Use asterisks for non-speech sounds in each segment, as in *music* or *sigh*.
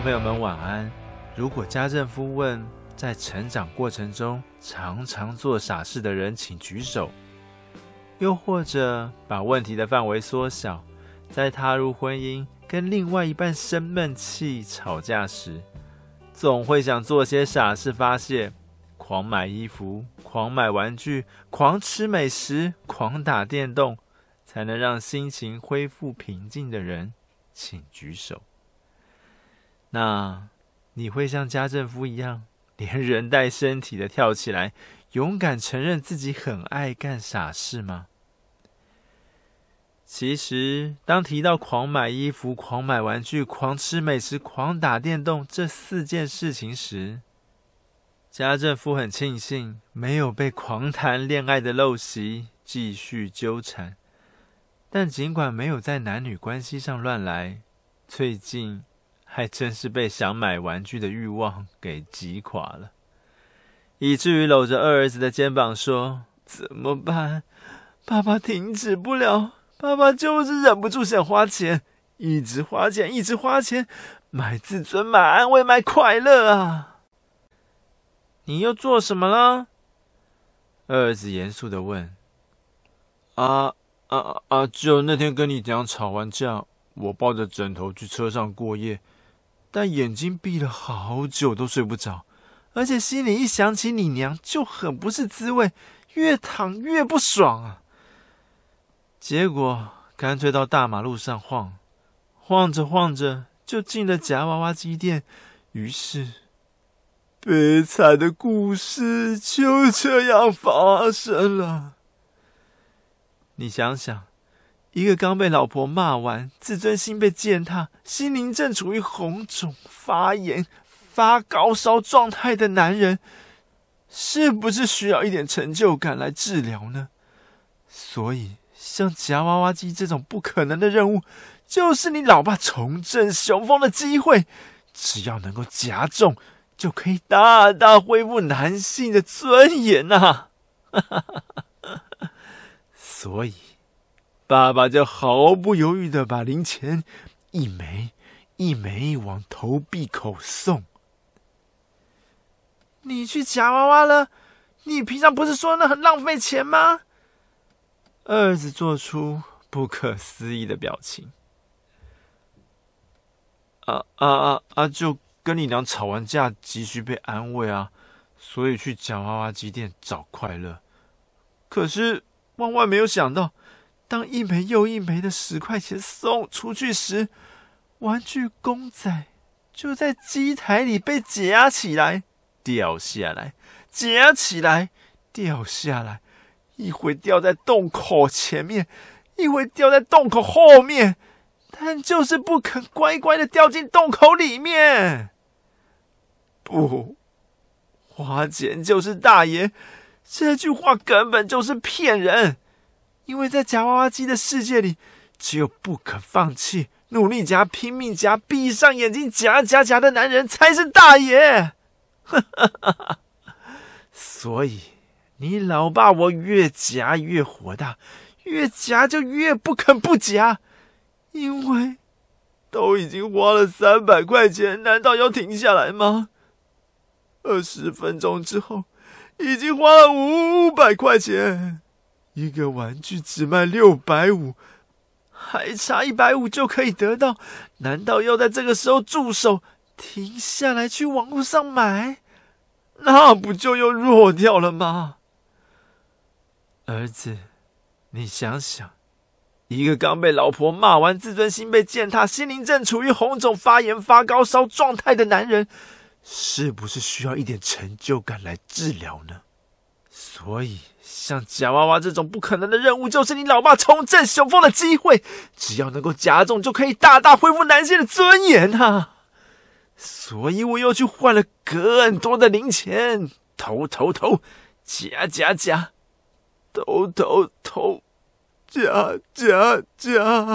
朋友們晚安。如果家政夫問在成長過程中常常做傻事的人，請舉手。又或者把問題的範圍縮小，在踏入婚姻跟另外一半生悶氣吵架時，總會想做些傻事發洩，狂買衣服、狂買玩具、狂吃美食、狂打電動，才能讓心情恢復平靜的人，請舉手。那你會像家政夫一樣，連人帶身體的跳起來，勇敢承認自己很愛幹傻事嗎？其實，當提到狂買衣服、狂買玩具、狂吃美食、狂打電動這四件事情時，家政夫很慶幸沒有被狂談戀愛的陋習繼續糾纏。但儘管沒有在男女關係上亂來，最近，還真是被想買玩具的欲望給擊垮了，以至於摟着二兒子的肩膀說：“怎麼辦？爸爸停止不了，爸爸就是忍不住想花錢，一直花錢，一直花錢，花錢買自尊，買安慰，買快樂啊！”你又做什麼了？”二兒子嚴肅地問。啊“啊啊啊！就那天跟你講吵完架，我抱着枕頭去車上過夜。”但眼睛閉了好久都睡不着，而且心裡一想起你娘就很不是滋味，越躺越不爽啊。結果乾脆到大馬路上晃，晃着晃着就進了夾娃娃機店，於是悲慘的故事就這樣發生了。你想想。一個剛被老婆罵完、自尊心被踐踏、心靈正處於紅腫發炎、發高燒狀態的男人，是不是需要一點成就感來治療呢？所以，像夾娃娃機這種不可能的任務，就是你老爸重振雄風的機會。只要能夠夾中，就可以大大恢復男性的尊嚴啊！哈哈哈哈哈，所以。爸爸就毫不猶豫的把零錢一枚一枚往投幣口送。你去夾娃娃了？你平常不是說那很浪費錢嗎？兒子做出不可思議的表情。啊啊啊啊！就跟你娘吵完架，急需被安慰啊，所以去夾娃娃機店找快樂。可是萬萬沒有想到。當一枚又一枚的十塊錢送出去時，玩具公仔就在機台裡被夾起來，掉下來，夾起來，掉下來，一會掉在洞口前面，一會掉在洞口後面，但就是不肯乖乖的掉進洞口裡面。不，花錢就是大爺，這句話根本就是騙人。因為在夾娃娃機的世界裡，只有不肯放棄、努力夾、拼命夾、閉上眼睛夾、夾夾的男人才是大爺。 *laughs* 所以，你老爸我越夾越火大，越夾就越不肯不夾，因為都已經花了三百塊錢，難道要停下來嗎？二十分鐘之後，已經花了五百塊錢。一個玩具只賣六百五，還差一百五就可以得到。難道要在這個時候住手、停下來去網絡上買？那不就又弱掉了嗎？兒子，你想想，一個剛被老婆罵完、自尊心被踐踏、心靈正處於紅腫、發炎、發高燒狀態的男人，是不是需要一點成就感來治療呢？所以，像夾娃娃這種不可能的任務，就是你老爸重振雄風的機會。只要能夠夾中，就可以大大恢復男性的尊嚴啊！所以，我又去換了更多的零錢，投投投夾夾夾，投投投夾夾夾。投投投，夾夾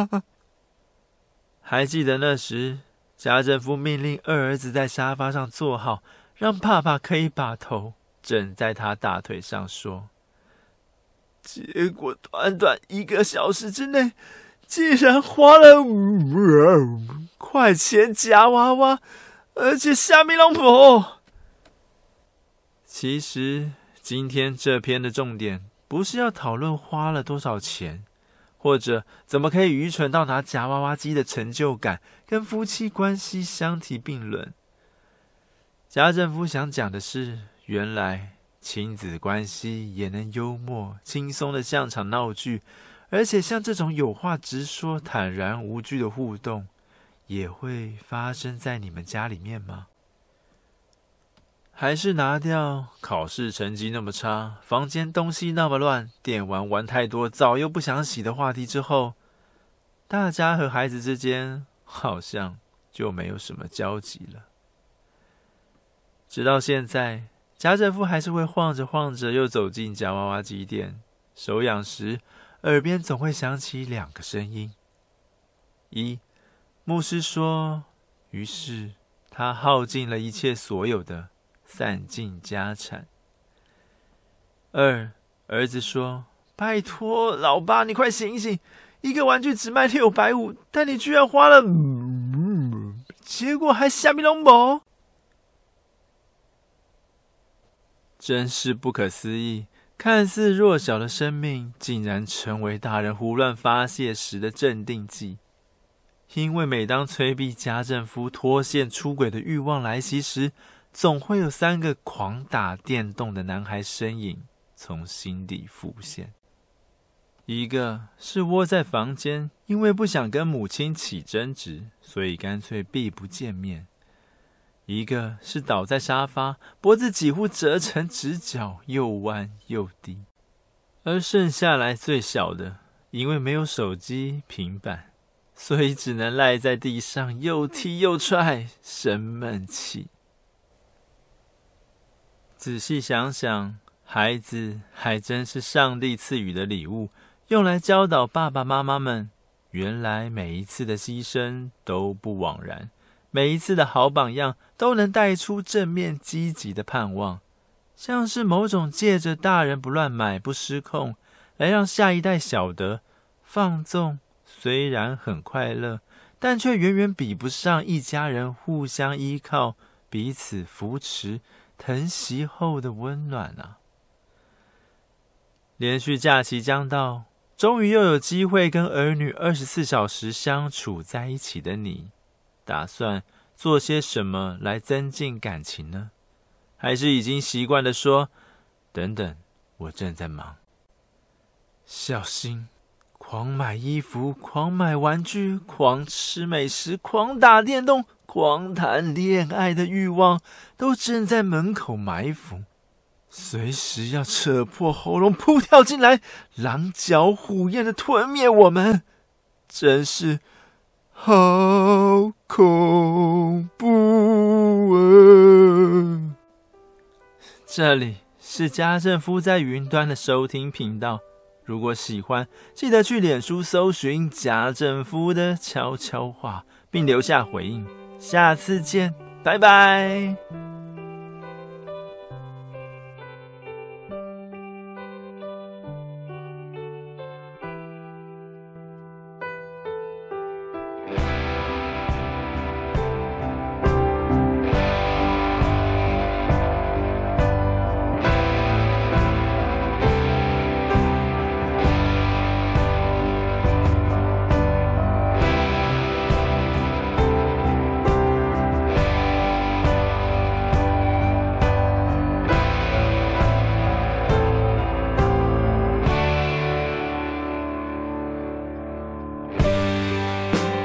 夾。還記得那時，家政夫命令二兒子在沙發上坐好，讓爸爸可以把頭。正在他大腿上說，結果短短一個小時之內，竟然花了五塊錢夾娃娃，而且蝦米攏無。其實今天這篇的重點不是要討論花了多少錢，或者怎麼可以愚蠢到拿夾娃娃機的成就感跟夫妻關係相提並論。家政夫想講的是，原來親子關係也能幽默輕鬆的像場鬧劇，而且像這種有話直說、坦然無懼的互動，也會發生在你們家裡面嗎？還是拿掉考試成績那麼差、房間東西那麼亂、電玩玩太多、澡又不想洗的話題之後，大家和孩子之間好像就沒有什麼交集了，直到現在。賈者夫還是會晃着晃着，又走進夾娃娃機店。手癢時，耳邊總會響起兩個聲音：一，牧師說；於是他耗盡了一切所有的，散盡家產。二，兒子說：“拜託，老爸，你快醒醒！一個玩具只賣六百五，但你居然花了……結果還啥米攏無。”真是不可思議！看似弱小的生命，竟然成為大人胡亂發洩時的鎮定劑。因為每當催逼家政夫脫線、出軌的慾望來襲時，總會有三個狂打電動的男孩身影從心底浮現。一個是窩在房間，因為不想跟母親起爭執，所以乾脆避不見面。一個是倒在沙發，脖子幾乎折成直角，又彎又低；而剩下來最小的，因為沒有手機、平板，所以只能賴在地上，又踢又踹，生悶氣。仔細想想，孩子還真是上帝賜予的禮物，用來教導爸爸媽媽們，原來每一次的犧牲都不枉然。每一次的好榜樣都能帶出正面積極的盼望，像是某種借着大人不亂買、不失控，來讓下一代曉得放縱雖然很快樂，但卻遠遠比不上一家人互相依靠、彼此扶持、疼惜後的溫暖啊！連續假期將到，終於又有機會跟兒女二十四小時相處在一起的你，打算做些什麼來增進感情呢？還是已經習慣的說：“等等，我正在忙。”小心，狂買衣服、狂買玩具、狂吃美食、狂打電動、狂談戀愛的慾望，都正在門口埋伏，隨時要扯破喉嚨撲跳進來，狼叫虎嚥的吞滅我們，真是。好恐怖啊！這裡是家政夫在雲端的收聽頻道，如果喜歡，記得去臉書搜尋家政夫的悄悄話，並留下回應。下次見，拜拜。